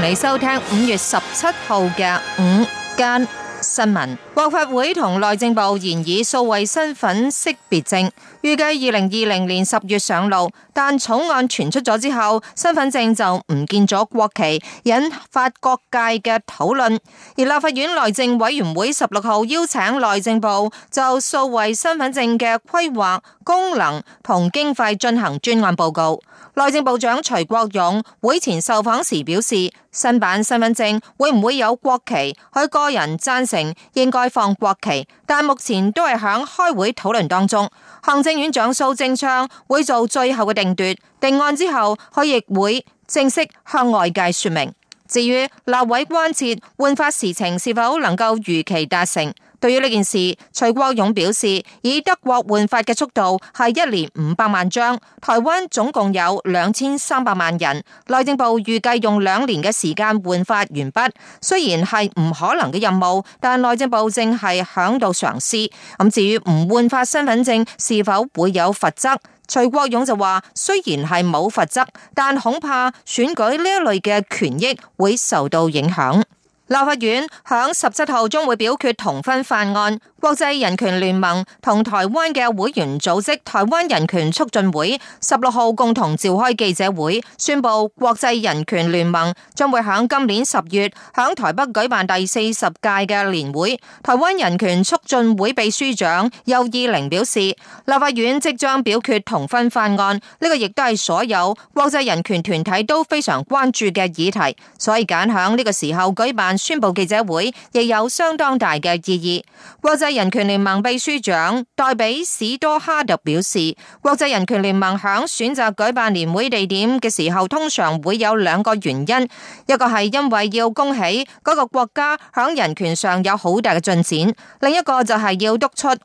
同你收聽五月十七號嘅午間。新聞國法會同內政部現已數位身份識別證預計二零二零年十月上路，但草案傳出咗之後，身份證就唔見咗國旗，引發各界嘅討論。而立法院內政委員會十六號邀請內政部就數位身份證嘅規劃、功能同經費進行專案報告。內政部長徐國勇會前受訪時表示，新版身份證會唔會有國旗？佢個人贊。成應該放國旗，但目前都係響開會討論當中。行政院長蘇貞昌會做最後嘅定奪，定案之後佢亦會正式向外界說明。至於立委關切換發時程是否能夠如期達成？對於呢件事，徐國勇表示，以德國換發嘅速度係一年五百萬張，台灣總共有兩千三百萬人，內政部預計用兩年嘅時間換發完畢。雖然係唔可能嘅任務，但內政部正係響度嘗試。咁至於唔換發身份證是否會有罰則，徐國勇就話，雖然係冇罰則，但恐怕選舉呢一類嘅權益會受到影響。立法院喺十七號將會表決同婚法案。國際人權聯盟同台灣嘅會員組織台灣人權促進會十六號共同召開記者會，宣布國際人權聯盟將會響今年十月響台北舉辦第四十屆嘅年會。台灣人權促進會秘書長邱伊翎表示，立法院即將表決同婚法案，呢個亦都係所有國際人權團體都非常關注嘅議題，所以揀響呢個時候舉辦宣布記者會，亦有相當大嘅意義。國際人權聯盟秘書長代比史多哈特表示，國際人權聯盟響選擇舉辦年會地點嘅時候，通常會有兩個原因，一個係因為要恭喜嗰個國家響人權上有好大嘅進展，另一個就係要督促呢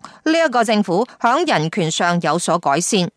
一個政府響人權上有所改善。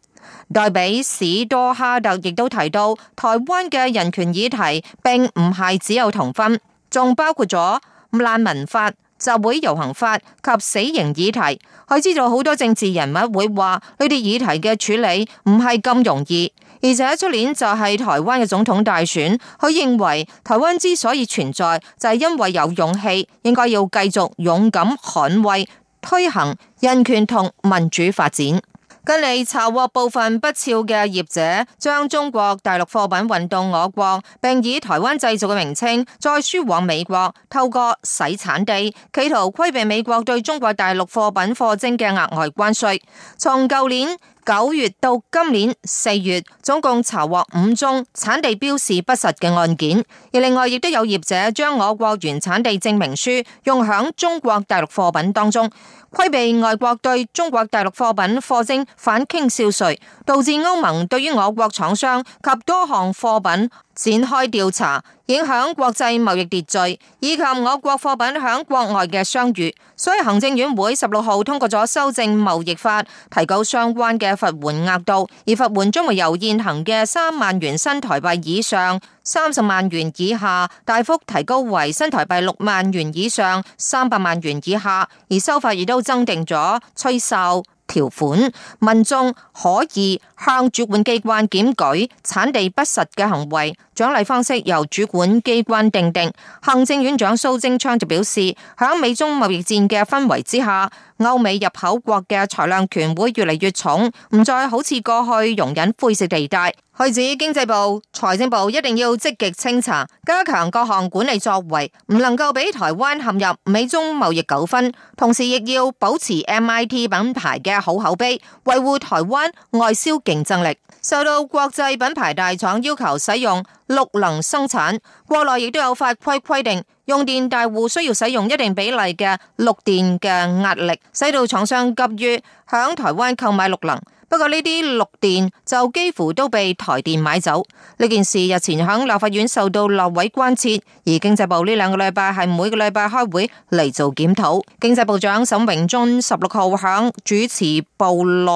代比史多哈特亦都提到，台灣嘅人權議題並唔係只有同婚，仲包括咗難民法。集會遊行法及死刑議題，佢知道好多政治人物會話呢啲議題嘅處理唔係咁容易，而且出年就係台灣嘅總統大選，佢認為台灣之所以存在就係因為有勇氣，應該要繼續勇敢捍衛、推行人權同民主發展。近嚟查獲部分不肖嘅業者，將中國大陸貨品運到我國，並以台灣製造嘅名稱再輸往美國，透過洗產地，企圖規避美國對中國大陸貨品課徵嘅額外關稅。從舊年九月到今年四月，總共查獲五宗產地標示不實嘅案件。而另外亦都有業者將我國原產地證明書用響中國大陸貨品當中。規避外國對中國大陸貨品課徵反傾銷稅，導致歐盟對於我國廠商及多項貨品，展開調查，影響國際貿易秩序，以及我國貨品響國外嘅商譽，所以行政院會十六號通過咗修正貿易法，提高相關嘅罰鍰額度，而罰鍰將會由現行嘅三萬元新台幣以上三十萬元以下，大幅提高為新台幣六萬元以上三百萬元以下。而修法亦都增訂咗吹哨條款，民眾可以向主管機關檢舉產地不實嘅行為。獎勵方式由主管機關定定。行政院長蘇貞昌就表示，響美中貿易戰嘅氛圍之下，歐美入口國嘅裁量權會越嚟越重，唔再好似過去容忍灰色地帶。佢指經濟部、財政部一定要積極清查，加強各項管理作為，唔能夠俾台灣陷入美中貿易糾紛。同時，亦要保持 MIT 品牌嘅好口碑，維護台灣外銷競爭力。受到國際品牌大廠要求使用綠能生產，國內亦都有法規規定，用電大戶需要使用一定比例嘅綠電嘅壓力，使到廠商急於向台灣購買綠能。不過呢啲綠電就幾乎都被台電買走，呢件事，日前響立法院受到立委關切，而經濟部呢兩個禮拜係每個禮拜開會嚟做檢討。經濟部長沈榮津十六號響主持部內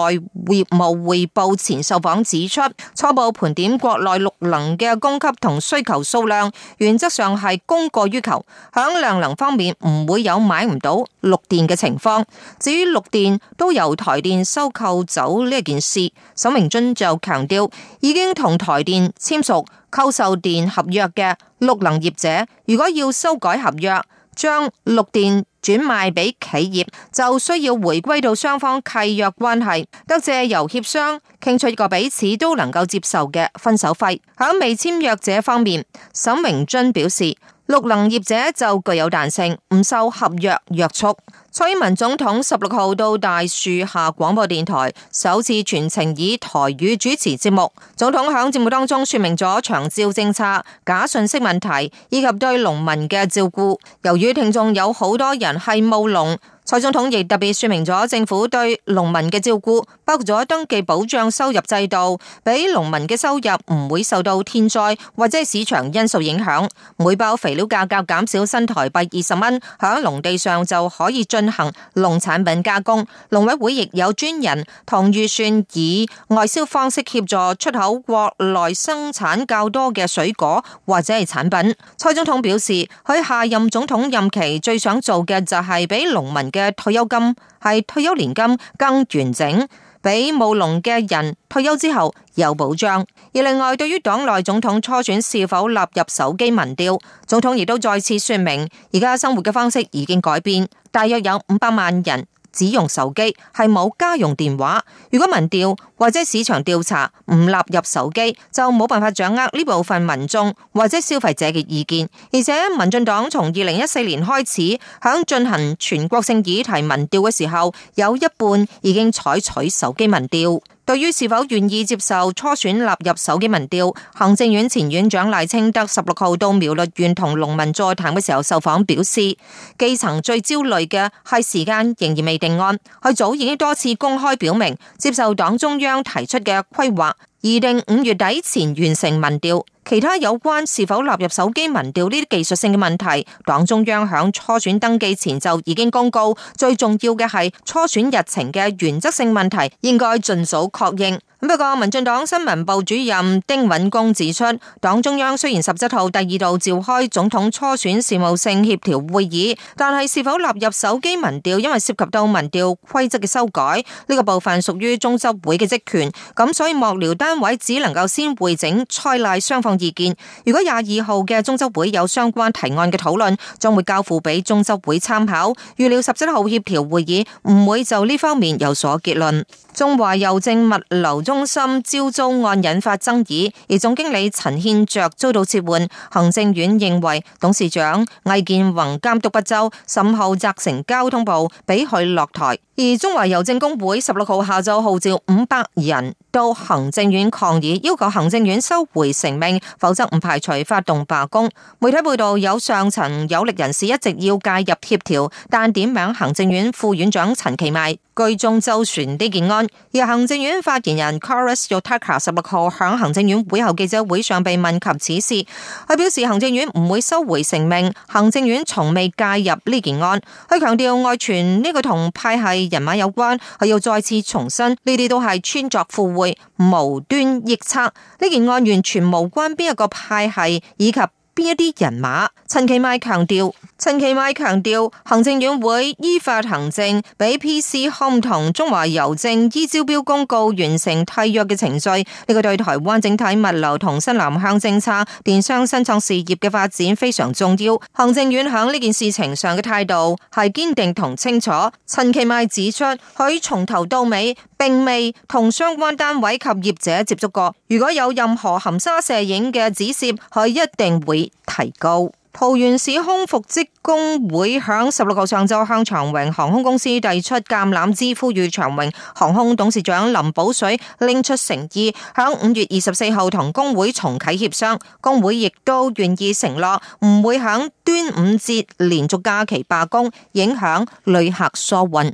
業務匯報前受訪指出，初步盤點國內綠能嘅供給同需求數量，原則上係供過於求，響量能方面唔會有買唔到綠電嘅情況。至於綠電都由台電收購走呢件事，沈榮津就強調，已經同台電簽署購售電合約嘅綠能業者，如果要修改合約，將綠電轉賣俾企業，就需要回歸到雙方契約關係，得借由協商，傾出一個彼此都能夠接受嘅分手費。響未簽約者方面，沈榮津表示。綠能業者就具有彈性，唔受合約約束。蔡英文總統十六號到大樹下廣播電台，首次全程以台語主持節目。總統響節目當中說明咗長照政策、假信息問題以及對農民嘅照顧。由於聽眾有好多人係務農。蔡總統亦特別説明咗政府對農民嘅照顧，包括咗登記保障收入制度，俾農民嘅收入唔會受到天災或者市場因素影響。每包肥料價格減少新台幣二十蚊，喺農地上就可以進行農產品加工。農委會亦有專人同預算以外銷方式協助出口國內生產較多嘅水果或者係產品。蔡總統表示，佢下任總統任期最想做嘅就係俾農民嘅。嘅退休金係退休年金更完整，比務農嘅人退休之後有保障。而另外，對於黨內總統初選是否納入手機民調，總統亦都再次說明，而家生活嘅方式已經改變，大約有五百萬人。只用手機係冇家用電話，如果民調或者市場調查唔納入手機，就冇辦法掌握呢部分民眾或者消費者嘅意見。而且民進黨從二零一四年開始喺進行全國性議題民調嘅時候，有一半已經採取手機民調。對於是否願意接受初選納入手機民調，行政院前院長賴清德十六號到苗栗縣同農民座談嘅時候受訪表示，基層最焦慮嘅係時間仍然未定案，佢早已經多次公開表明接受黨中央提出嘅規劃。擬定五月底前完成民調，其他有關是否納入手機民調呢啲技術性嘅問題，黨中央響初選登記前就已經公告。最重要嘅係初選日程嘅原則性問題，應該盡早確認。不過，民進黨新聞部主任丁允恭指出，黨中央雖然十七號第二度召開總統初選事務性協調會議，但係是，是否納入手機民調，因為涉及到民調規則嘅修改，呢、這個部分屬於中執會嘅職權，咁所以幕僚單位只能夠先匯整，梳理雙方意見。如果廿二號嘅中執會有相關提案嘅討論，將會交付俾中執會參考。預料十七號協調會議唔會就呢方面有所結論。中華郵政物流中心招租案引發爭議，而總經理陳憲卓遭到撤換。行政院認為董事長魏建宏監督不周，甚後責成交通部俾佢落台。而中華郵政工會十六號下晝號召五百人到行政院抗議，要求行政院收回成命，否則唔排除發動罷工。媒體報道有上層有力人士一直要介入協調，但點名行政院副院長陳其邁居中周旋呢件案。而行政院發言人 Kolas Yotaka 十六號響行政院會後記者會上被問及此事，佢表示行政院唔會收回成命，行政院從未介入呢件案。佢強調外傳呢個同派系，人馬有關，佢要再次重申，呢啲都係穿鑿附會、無端臆測。呢件案完全無關邊一個派系以及。一啲人馬陳其邁強調，陳其邁強調行政院會依法行政，俾 PC Home 同中華郵政依招標公告完成契約嘅程序。呢個對台灣整體物流同新南向政策、電商新創事業嘅發展非常重要。行政院響呢件事情上嘅態度係堅定同清楚。陳其邁指出，佢從頭到尾。並未同相關單位及業者接觸過。如果有任何含沙射影嘅指涉，佢一定會提高。桃園市空服職工會響十六號上晝向長榮航空公司遞出橄欖枝，呼籲長榮航空董事長林寶水拎出誠意，響五月二十四號同工會重啟協商。工會亦都願意承諾，唔會響端午節連續假期罷工，影響旅客疏運。